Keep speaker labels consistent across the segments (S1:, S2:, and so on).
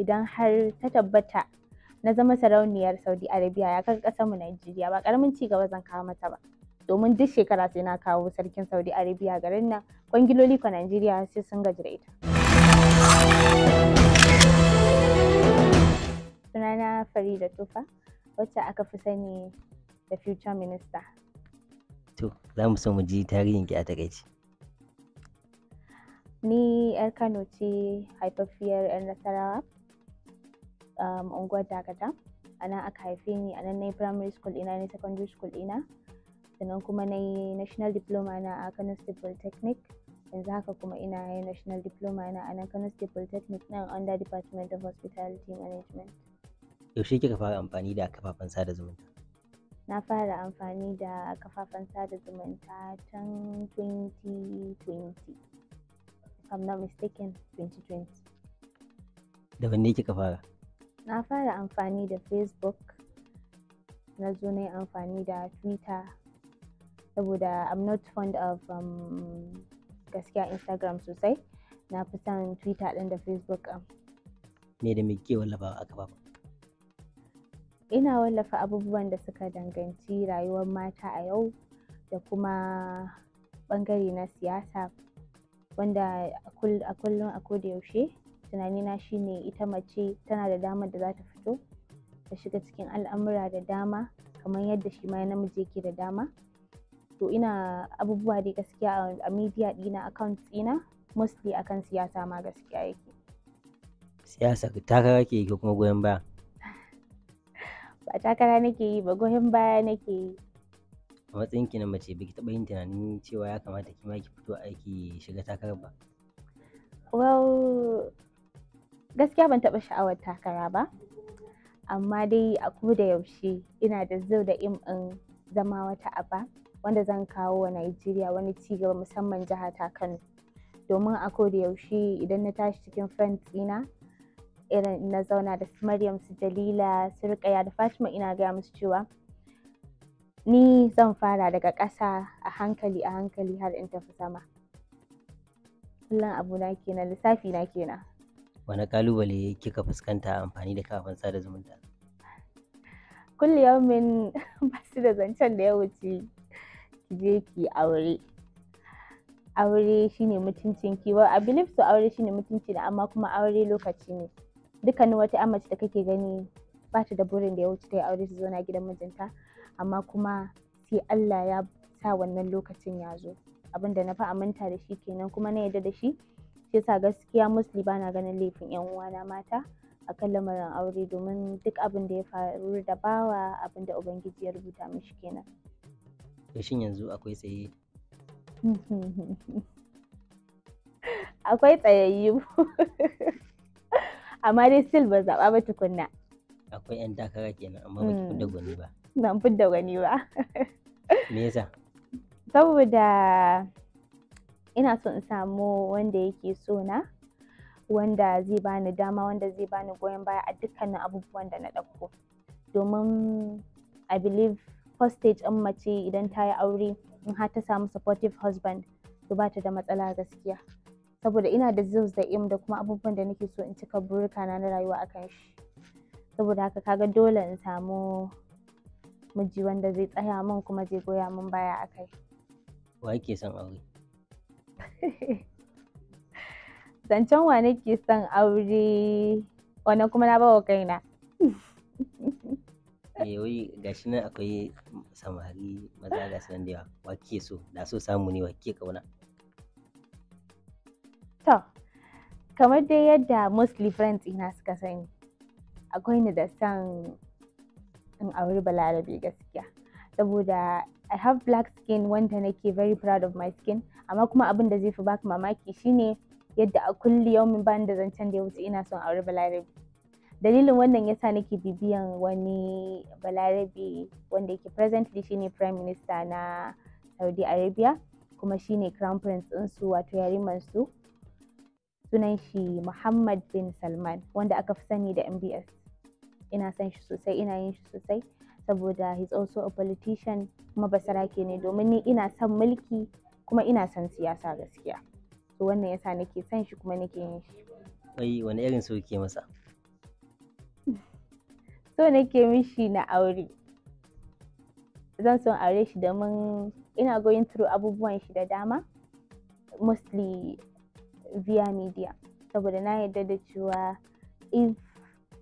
S1: idan har ta tabbata na zama sarauniyar Saudi Arabia ya kan ƙasar mu Najeriya ba karamin ci gaba zan kawo mata ba domin duk shekara sai na kawo sarkin Saudi Arabia garin nan kwangiloli kwa Najeriya sai sun gaji da ita. Sunana Farida Tufa wacce aka fi sani da Future Minister.
S2: To, za mu so mu ji tarihin ki a takaici.
S1: Ni 'yar Kano ce haifaffiyar 'yan Nasarawa. Um, unguwar dakata a nan aka haife ni a nan na yi primary school ina na secondary school ina sannan kuma na yi national diploma na a kano state polytechnic yanzu haka kuma ina yi national diploma na a nan kano state polytechnic nan under department of hospitality management
S2: yaushe kika fara amfani da kafafen sada zumunta
S1: na fara amfani da kafafen sada zumunta tun 2020 if I'm not mistaken 2020
S2: da wanne kika fara
S1: na fara amfani da facebook na zo na yi amfani da twitter saboda i'm not fond of um, gaskiya instagram sosai na fi son twitter ɗin da facebook am.
S2: me da ba
S1: ina wallafa abubuwan da suka danganci rayuwar mata a yau da kuma bangare na siyasa wanda a kullum a yaushe. tunanina shine ita mace tana da damar da za ta fito ta shiga cikin al'amura da dama kamar yadda shi ma ya namiji yake da dama to ina abubuwa dai gaskiya a media dina account dina mostly akan siyasa ma gaskiya yake
S2: siyasa takara ke yi ko kuma goyon baya
S1: ba takara nake yi ba goyon baya nake yi
S2: a matsayin ki na mace baki taɓa yin tunanin cewa ya kamata ki ma ki fito aiki shiga takarar ba
S1: well gaskiya ban taɓa sha'awar takara ba amma dai a da yaushe ina da zau da im in zama wata aba wanda zan kawo wa Najeriya wani ci gaba musamman jiha ta Kano domin a da yaushe idan na tashi cikin friends ina irin na zauna da su Maryam su Jalila su Rukaya da Fatima ina gaya musu cewa ni zan fara daga ƙasa a hankali a hankali har in tafi sama kullum abuna kenan lissafi na kenan
S2: wani kalubale kika fuskanta amfani da kafafen sada zumunta
S1: kulli yaumin basu da zancen da ya wuce ki je ki aure aure shine mutuncin ki i believe so aure shine mutunci da amma kuma aure lokaci ne dukkanin wata amace da kake gani ba ta da burin da ya wuce ta yi aure su zauna gidan mijinta amma kuma sai Allah ya sa wannan lokacin ya zo abin da na fi aminta da shi kenan kuma na yarda da shi shi yasa gaskiya mostly bana ganin laifin ƴan uwana mata akan lamarin aure domin duk abin da ya faru da bawa abin da ubangiji ya rubuta mishi kenan
S2: to shin yanzu akwai tsaye
S1: akwai tsayayyu amma dai still ba zaɓa ba tukunna
S2: akwai ƴan takara kenan amma ba ki fidda hmm. gwani ba
S1: ban fidda gwani ba me yasa saboda ina so in samu wanda yake so na wanda zai bani dama wanda zai bani goyon baya a dukkanin abubuwan da na ɗauko domin i believe first stage in mace idan ta yi aure in har ta samu supportive husband to ba ta da matsala gaskiya saboda ina da zeus da im da kuma abubuwan da nake so in cika burika na rayuwa akan shi saboda haka kaga dole in samu miji wanda zai tsaya min kuma zai goya min baya a kai.
S2: wa yake son aure
S1: zancen wa nake son aure wannan kuma na bawa kaina
S2: eh wai gashi nan akwai samari maza ga sanan da yawa wa ke so da so samu ne wa ke kauna
S1: to kamar dai yadda mostly friends ina suka sani akwai ni da san in aure balarabe gaskiya saboda I have black skin wanda nake very proud of my skin amma kuma abin da zai fi baka mamaki shine yadda a kulli yaumin bani da zancen da ya wuce ina son aure balarabe dalilin wannan yasa nake bibiyan wani balarabe wanda yake presently shine prime minister na Saudi Arabia kuma shine crown prince su wato yariman su sunan shi Muhammad bin Salman wanda aka fi sani da MBS ina son shi sosai ina yin shi sosai saboda he's also a politician kuma basarake ne domin ni ina son mulki kuma ina son siyasa gaskiya to wannan yasa nake son shi kuma nake yin shi
S2: wai wani irin so ke masa
S1: so nake mishi na aure zan son aure shi da mun. ina going through abubuwan shi da dama mostly via media saboda na yarda da cewa if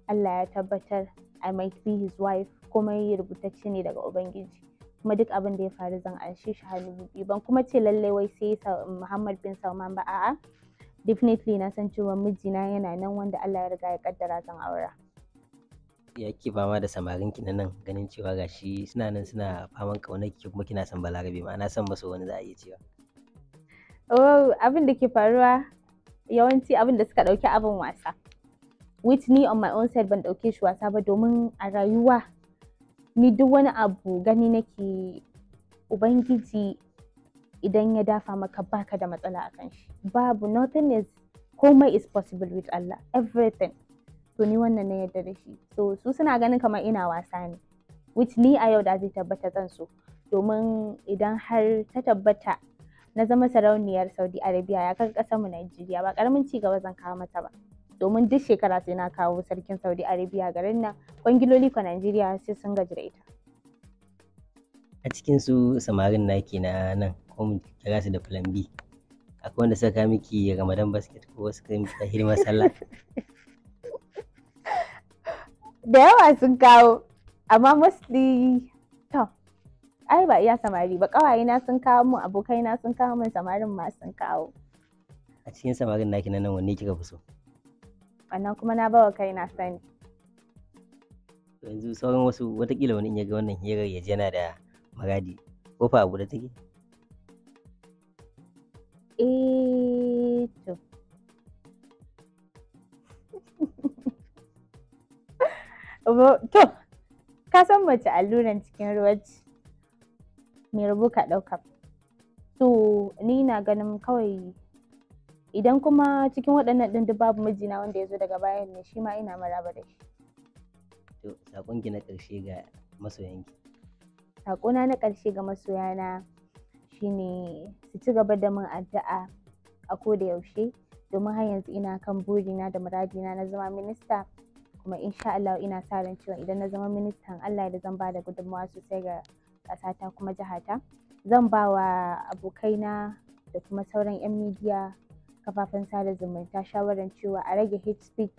S1: Allah ya tabbatar I might be his wife komai rubutacce ne daga ubangiji kuma duk abin da ya faru zan anshe shi hannu biyu ban kuma ce lallai wai sai Muhammad bin Salman ba a'a definitely na san cewa mijina yana nan wanda Allah ya riga ya kaddara zan aura
S2: ya ke fama da samarin ki nan ganin cewa gashi suna nan suna faman kaunar ki kuma kina son balarabe ma. ana son maso wani za a iya cewa
S1: oh abin da ke faruwa yawanci abin da suka dauki abin wasa with me on my own side ban dauke shi wasa ba domin a rayuwa ni duk wani abu gani nake ubangiji idan ya dafa maka baka da matsala kan shi babu nothing is komai is possible with Allah everything to ni wannan na yadda da shi so su suna ganin kamar ina wasa ne which ni a yau da zai tabbata zan so domin idan har ta tabbata na zama sarauniyar Saudi Arabia ya kan kasar mu Najeriya ba karamin ci gaba zan kawo mata ba domin duk shekara sai na kawo sarkin saudi arabia garin nan kwangiloli kwa najeriya sai sun gaji da ita
S2: a cikin su samarin naki na nan ko kira su da plan b akwai wanda suka miki ramadan basket ko wasu kan ta hirma sallah
S1: da yawa sun kawo amma mostly to ai ba iya samari ba kawai na sun kawo mu abokai na sun kawo mun samarin ma sun kawo
S2: a cikin samarin naki na nan wanne kika fi so
S1: wannan kuma na bawa kai na sani
S2: yanzu sauran wasu watakila wani in ya ga wannan hirar ya jana da maradi kofa abu da take
S1: eh to to ka san mace alluran cikin ruwa ce me ka ɗauka to ni na ganin kawai idan kuma cikin waɗannan ɗin duk babu mijina wanda ya zo daga bayan ne shi ma ina maraba da shi
S2: to na ƙarshe ga masoyanki
S1: saƙona na ƙarshe ga masoyana shine su ci gaba da min addu'a a ko da yaushe domin har yanzu ina kan burina da muradina na zama minista kuma insha Allah ina sa ran cewa idan na zama ministan Allah da zan ba da gudunmawa sosai ga ƙasata kuma jihata zan ba wa abokaina da kuma sauran 'yan midiya kafafen sada zumunta shawaran cewa a rage hate speech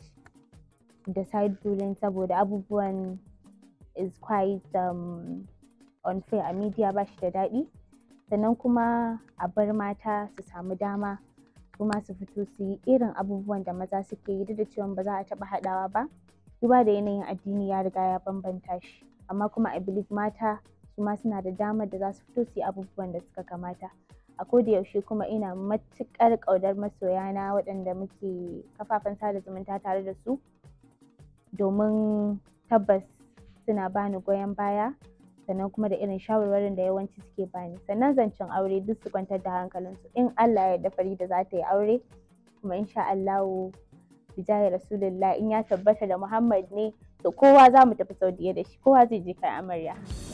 S1: da side bullying saboda abubuwan is quite um, unfair a media ba shi da daɗi sannan kuma a bar mata su samu dama kuma su fito su yi irin abubuwan da maza suke yi duk da cewa ba za a taɓa haɗawa ba duba da yanayin addini ya riga ya bambanta shi amma kuma a believe mata su ma suna da damar da za su fito su yi abubuwan da suka kamata a koda yaushe kuma ina matuƙar ƙaunar na waɗanda muke kafafen sada zumunta tare da su domin tabbas suna bani goyon baya sannan kuma da irin shawarwarin da yawanci suke bani sannan zancen aure duk su kwantar da hankalinsu in Allah ya yarda Farida za ta yi aure kuma insha Allahu bijahi rasulullah in ya tabbata da Muhammad ne to kowa za mu tafi Saudiya da shi kowa zai je kai amarya